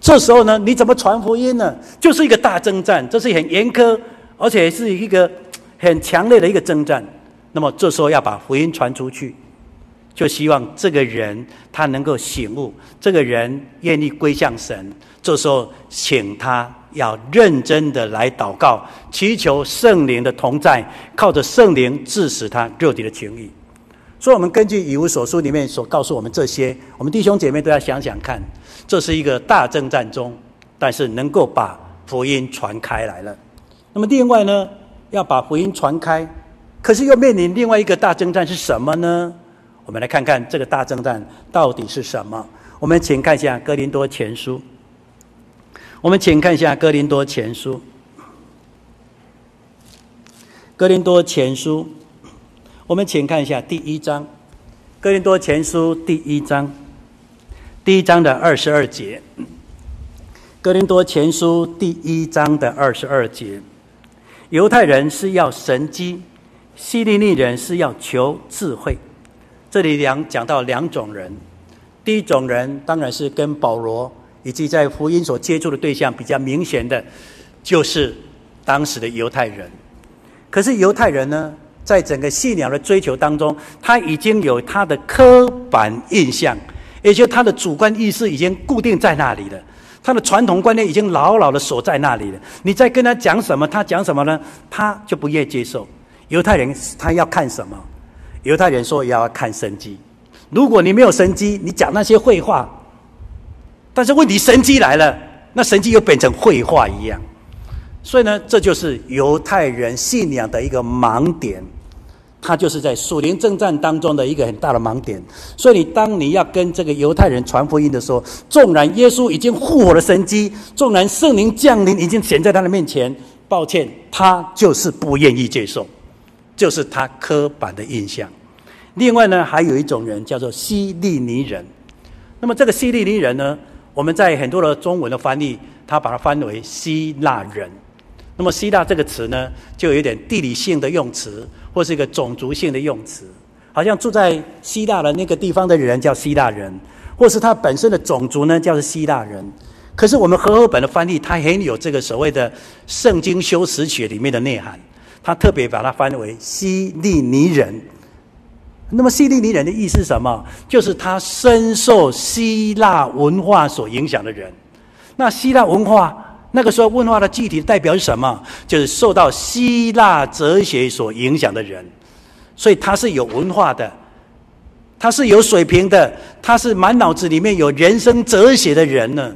這時候呢，你怎麼傳福音呢？就是一個大爭戰，這是很嚴苛，而且是一個。很強烈的一個征戰，那麼這時候要把福音傳出去，就希望這個人他能夠醒悟，這個人願意歸向神。這時候請他要認真的來禱告，祈求聖靈的同在，靠着聖靈致使他徹底的痊癒。所以，我們根據《以弗所書》裡面所告訴我們這些，我們弟兄姐妹都要想想看，這是一個大征戰中，但是能夠把福音傳開來了。那麼，另外呢？要把福音傳開，可是又面臨另外一個大爭戰是什麼呢？我們來看看這個大爭戰到底是什麼。我們請看一下《哥林多前書》，我們請看一下《哥林多前書》。《哥林多前書》，我們請看一下第一章，《哥林多前書》第一章，第一章的二十二節，《哥林多前書》第一章的二十二節。猶太人是要神蹟，希利尼人是要求智慧。這裡兩講到兩種人，第一種人當然是跟保羅以及在福音所接觸的對象比較明顯的，就是當時的猶太人。可是猶太人呢，在整個信仰的追求當中，他已經有他的刻板印象，也就是他的主觀意識已經固定在那裡了。他的傳統觀念已經牢牢的鎖在那裡了，你在跟他講什麼，他講什麼呢？他就不願意接受。猶太人他要看什麼？猶太人說要看神蹟，如果你沒有神蹟，你講那些廢話。但是問題神蹟來了，那神蹟又變成廢話一樣。所以呢，這就是猶太人信仰的一個盲點。他就是在屬靈征戰當中的一個很大的盲點，所以你當你要跟這個猶太人傳福音的時候，縱然耶穌已經復活的神蹟，縱然聖靈降臨已經顯在他的面前，抱歉，他就是不願意接受，就是他刻板的印象。另外呢，還有一種人叫做希利尼人。那麼這個希利尼人呢，我們在很多的中文的翻譯，他把它翻為希臘人。那麼希臘這個詞呢，就有點地理性的用詞。或是一個種族性的用詞，好像住在希臘的那個地方的人叫希臘人，或是他本身的種族呢，叫是希臘人。可是我們和合本的翻譯，他很有這個所謂的《聖經修辭學》裡面的內涵，他特別把它翻為“希利尼人”。那麼“希利尼人”的意思是什麼？就是他深受希臘文化所影響的人。那希臘文化，那個時候，文化的具體代表是什麼？就是受到希臘哲學所影響的人，所以他是有文化的，他是有水平的，他是滿腦子裡面有人生哲學的人呢。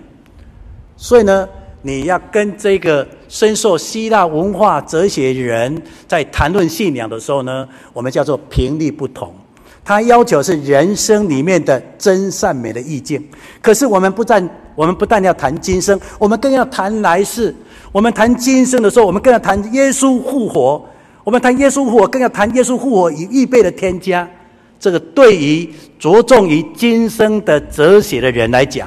所以呢，你要跟這個深受希臘文化哲學的人在談論信仰的時候呢，我們叫做頻率不同。他要求是人生裡面的真善美的意境，可是我們不但……我們不但要談今生，我們更要談來世。我們談今生的時候，我們更要談耶穌復活。我們談耶穌復活，更要談耶穌復活以預備的天家，這個對於着重於今生的哲學的人來講，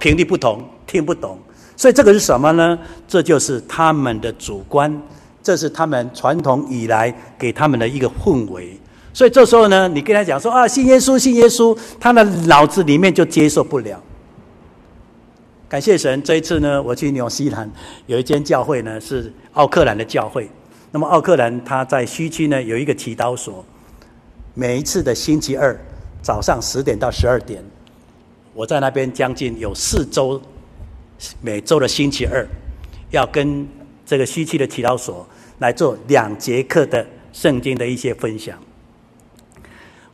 頻率不同，聽不懂。所以這個是什麼呢？這就是他們的主觀，這是他們傳統以來給他們的一個氛圍。所以這時候呢，你跟他講說啊，信耶穌，信耶穌，他的腦子裡面就接受不了。感、哎、謝神，這一次呢，我去紐西蘭，有一間教會呢是奧克蘭的教會。那麼奧克蘭他在西區呢有一個祈禱所，每一次的星期二早上十點到十二點，我在那邊將近有四週，每週的星期二要跟這個西區的祈禱所來做兩節課的聖經的一些分享。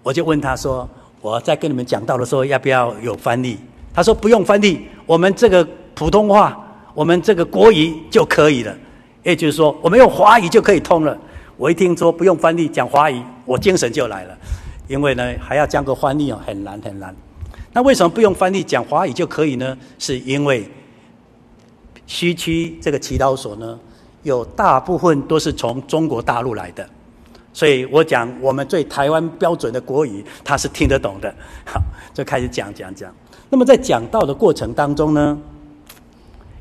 我就問他說：“我在跟你們講道的時候，要不要有翻譯？”他說：“不用翻譯。”我們這個普通話，我們這個國語就可以了，也就是說，我們用華語就可以通了。我一聽說不用翻譯，講華語，我精神就來了，因為呢，還要講個翻譯哦，很難很難。那為什麼不用翻譯，講華語就可以呢？是因為西區這個祈禱所呢，有大部分都是從中國大陸來的，所以我講我們最台灣標準的國語，他是聽得懂的。好，就開始講講講。講那麼在講道的過程當中呢，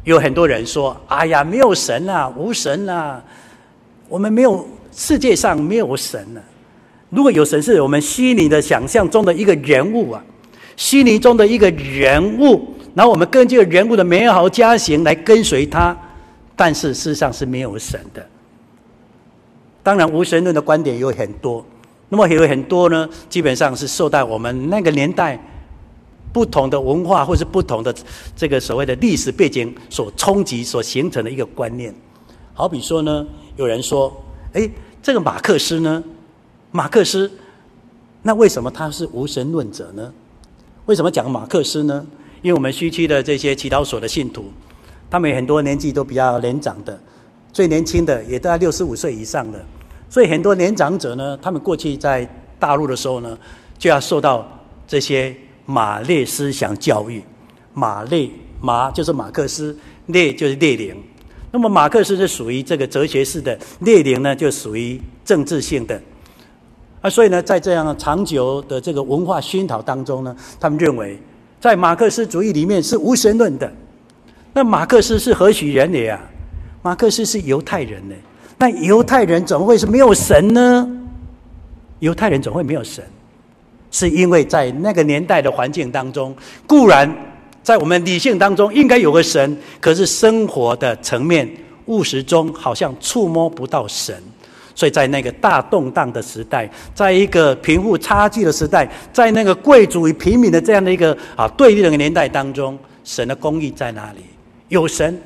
有很多人說：“哎呀，沒有神啦、啊！無神啦、啊！我們沒有世界上沒有神了、啊。如果有神，是我們虛擬的想象中的一個人物啊，虛擬中的一個人物。然後我們根據人物的美好佳行來跟隨他，但是事實上是沒有神的。當然，無神論的觀點有很多，那麼也有很多呢，基本上是受到我們那個年代。”不同的文化或是不同的這個所謂的歷史背景所衝擊所形成的一個觀念，好比說呢，有人說，誒、欸，這個馬克思呢，馬克思，那為什麼他是無神論者呢？為什麼講馬克思呢？因為我們西區的這些祈禱所的信徒，他們很多年紀都比較年長的，最年輕的也都要六十五歲以上的，所以很多年長者呢，他們過去在大陸的時候呢，就要受到這些。馬列思想教育，馬列馬就是馬克思，列就是列寧。那麼馬克思是屬於這個哲學式的，列寧呢就屬於政治性的。啊，所以呢，在這樣長久的這個文化熏陶當中呢，他們認為在馬克思主義裡面是無神論的。那馬克思是何許人也啊？馬克思是猶太人呢。那猶太人怎麼會是沒有神呢？猶太人怎麼會沒有神？是因為在那個年代的環境當中，固然在我們理性當中應該有個神，可是生活的層面務實中好像觸摸不到神。所以在那個大動蕩的時代，在一個貧富差距的時代，在那個貴族與平民的這樣的一個啊對立的年代當中，神的公義在哪裡？有神，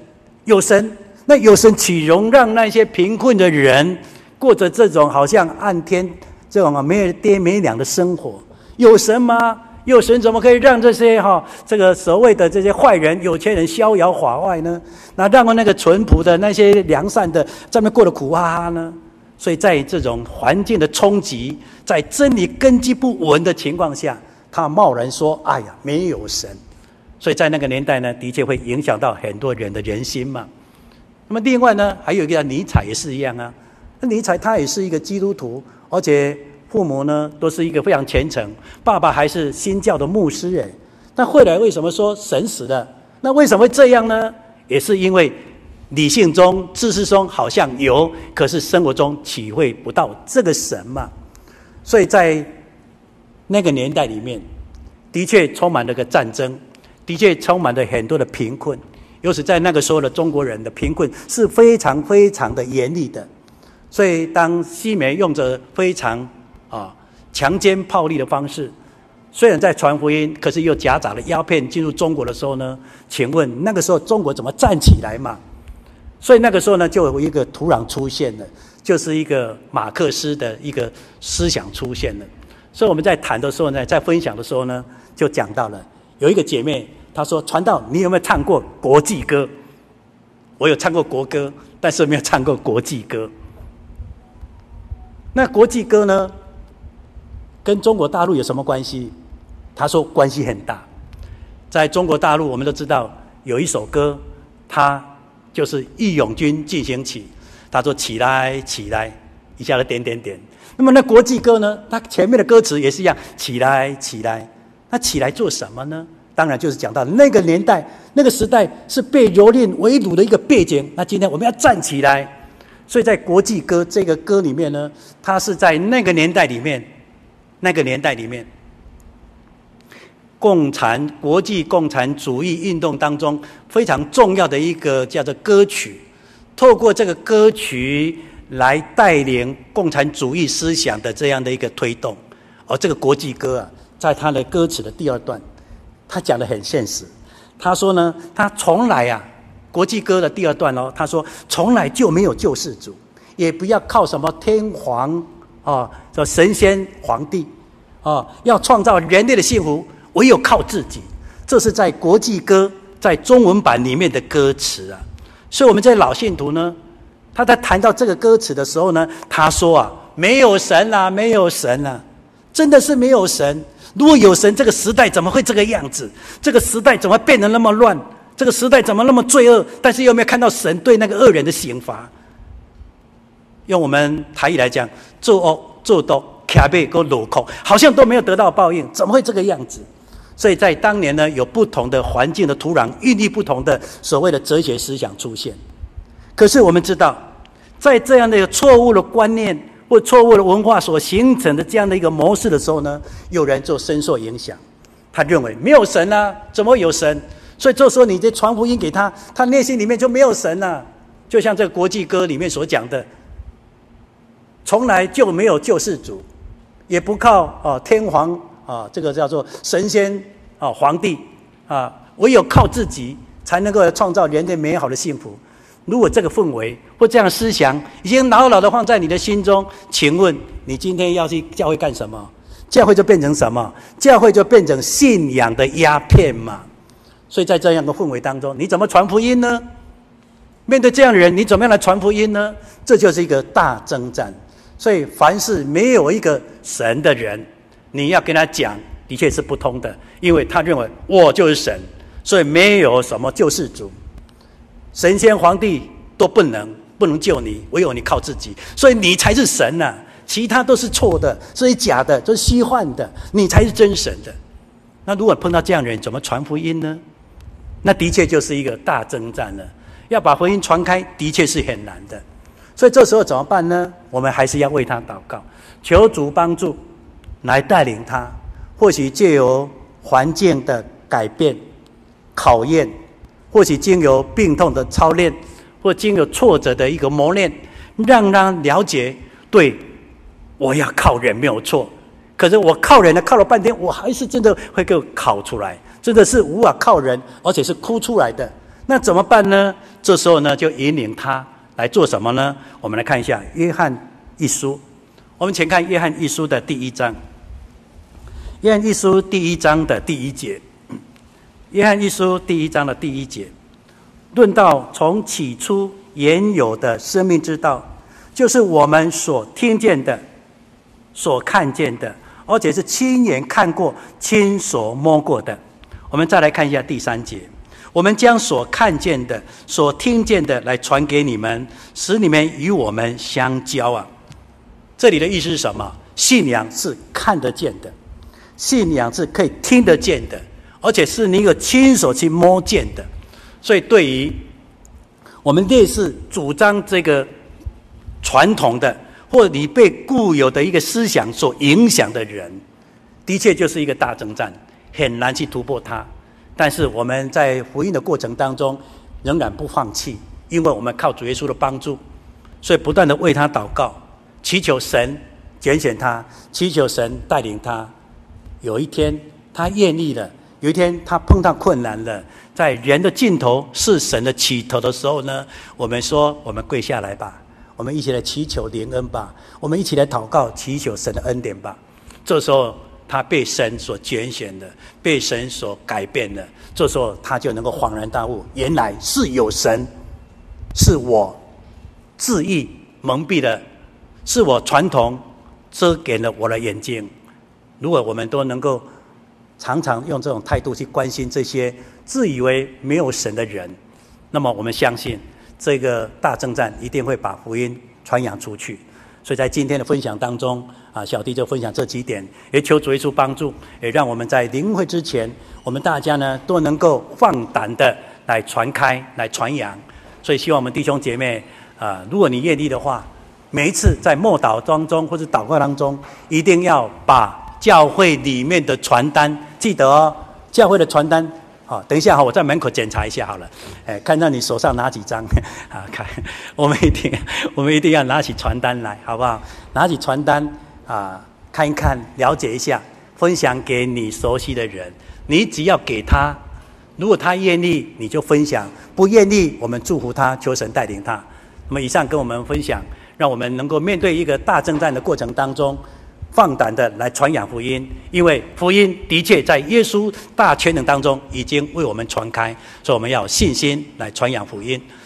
有神，那有神豈容讓那些貧困的人過着這種好像暗天這種啊沒有爹沒娘的生活？有神嗎？有神怎麼可以讓這些哈、哦，這個所謂的這些壞人、有錢人逍遙法外呢？那讓我那個淳樸的那些良善的，在那邊過得苦哈哈呢？所以在這種環境的衝擊，在真理根基不穩的情況下，他貿然說：“哎呀，沒有神。”所以在那個年代呢，的確會影響到很多人的人心嘛。那麼另外呢，還有一個叫尼采也是一樣啊。那尼采他也是一個基督徒，而且。父母呢，都是一個非常虔誠，爸爸還是新教的牧師人。那後來為什麼說神死了？那為什麼會這樣呢？也是因為理性中、知識中好像有，可是生活中體會不到這個神嘛。所以在那個年代裡面，的確充滿了個戰爭，的確充滿了很多的貧困，尤其在那個時候的中國人的貧困是非常非常的嚴厲的。所以當西梅用着非常啊，強姦暴力的方式，雖然在傳福音，可是又夾雜了鴉片進入中國的時候呢，請問那個時候中國怎麼站起來嘛？所以那個時候呢，就有一個土壤出現了，就是一個馬克思的一個思想出現了。所以我們在談的時候呢，在分享的時候呢，就講到了有一個姐妹，她說：“傳道，你有沒有唱過國際歌？”我有唱過國歌，但是沒有唱過國際歌。那國際歌呢？跟中國大陸有什麼關係？他說關係很大。在中國大陸，我們都知道有一首歌，它就是《義勇軍進行曲》。他說：“起來，起來！”一下子點點點。那麼，那國際歌呢？它前面的歌詞也是一樣：“起來，起來！”那起來做什麼呢？當然就是講到那個年代、那個時代是被蹂躪、圍堵的一個背景。那今天我們要站起來，所以在國際歌這個歌裡面呢，它是在那個年代裡面。那個年代裡面，共產國際共產主義運動當中非常重要的一個叫做歌曲，透過這個歌曲來帶領共產主義思想的這樣的一個推動。而、哦、這個國際歌啊，在他的歌詞的第二段，他講得很現實。他說呢，他從來啊，國際歌的第二段哦，他說從來就沒有救世主，也不要靠什麼天皇。啊，叫、哦、神仙皇帝，啊、哦，要創造人類的幸福，唯有靠自己。這是在國際歌在中文版裡面的歌詞啊。所以我們這些老信徒呢，他在談到這個歌詞的時候呢，他說啊，沒有神啦，啊，沒有神啦，啊，真的是沒有神。如果有神，這個時代怎麼會這個樣子？這個時代怎麼變得那麼亂？這個時代怎麼那麼罪惡？但是又沒有看到神對那個惡人的刑罰。用我們台語來講，做惡做多，欠背個裸口，好像都沒有得到報應，怎麼會這個樣子？所以在當年呢，有不同的環境的土壤，孕育不同的所謂的哲學思想出現。可是我們知道，在這樣的一個錯誤的觀念或錯誤的文化所形成的這樣的一個模式的時候呢，有人就深受影響，他認為沒有神啊，怎麼會有神？所以就說你這傳福音給他，他內心裡面就沒有神啊。就像這個國際歌裡面所講的。從來就沒有救世主，也不靠啊天皇啊這個叫做神仙啊、皇帝啊，唯有靠自己才能夠創造人類美好的幸福。如果這個氛圍或這樣的思想已經牢牢的放在你的心中，請問你今天要去教會幹什麼？教會就變成什麼？教會就變成信仰的鴉片嘛。所以在這樣的氛圍當中，你怎麼傳福音呢？面對這樣的人，你怎麼樣來傳福音呢？這就是一個大爭戰。所以，凡是沒有一個神的人，你要跟他講，的確是不通的，因為他認為我就是神，所以沒有什麼救世主，神仙皇帝都不能不能救你，唯有你靠自己，所以你才是神吶、啊，其他都是錯的，所以假的，都、就是虛幻的，你才是真神的。那如果碰到這樣的人，怎麼傳福音呢？那的確就是一個大爭戰了，要把福音傳開，的確是很難的。所以這時候怎麼辦呢？我們還是要為他禱告，求主幫助，來帶領他。或許借由環境的改變考驗，或許經由病痛的操練，或經由挫折的一個磨練，讓他了解：對，我要靠人沒有錯。可是我靠人呢？靠了半天，我還是真的會給我考出來，真的是無法靠人，而且是哭出來的。那怎麼辦呢？這時候呢，就引領他。來做什麼呢？我們來看一下《約翰一書》。我們請看《約翰一書》的第一章，《約翰一書》第一章的第一節，《約翰一書》第一章的第一節，論到從起初原有的生命之道，就是我們所聽見的、所看見的，而且是親眼看過、親手摸過的。我們再來看一下第三節。我們將所看見的、所聽見的來傳給你們，使你們與我們相交啊！這裡的意思是什麼？信仰是看得見的，信仰是可以聽得見的，而且是你有親手去摸見的。所以，對於我們類似主張這個傳統的，或者你被固有的一個思想所影響的人，的確就是一個大爭戰，很難去突破它。但是我們在福音的過程當中，仍然不放棄，因為我們靠主耶穌的幫助，所以不斷的為他禱告，祈求神揀選他，祈求神帶領他。有一天他願意了，有一天他碰到困難了，在人的盡頭是神的起頭的時候呢，我們說我們跪下來吧，我們一起來祈求憐恩吧，我們一起來禱告祈求神的恩典吧，這時候。他被神所揀選的，被神所改變的，這時候他就能夠恍然大悟，原來是有神，是我自意蒙蔽了，是我傳統遮掩了我的眼睛。如果我們都能夠常常用這種態度去關心這些自以為沒有神的人，那麼我們相信這個大爭戰一定會把福音傳揚出去。所以在今天的分享當中。啊，小弟就分享這幾點，也求主耶穌幫助，也讓我們在靈會之前，我們大家呢都能夠放膽的來傳開、來傳揚。所以希望我們弟兄姐妹，啊、呃，如果你願意的話，每一次在默禱當中或者禱告當中，一定要把教會裡面的傳單記得哦。教會的傳單，好、哦，等一下哈、哦，我在門口檢查一下好了。哎，看到你手上拿幾張？啊，看，我們一定，我們一定要拿起傳單來，好不好？拿起傳單。啊，看一看，了解一下，分享給你熟悉的人。你只要給他，如果他願意，你就分享，不願意，我們祝福他，求神帶領他。那麼，以上跟我們分享，讓我們能夠面對一個大爭戰的過程當中，放膽的來傳揚福音。因為福音的確在耶穌大權能當中已經為我們傳開，所以我們要有信心來傳揚福音。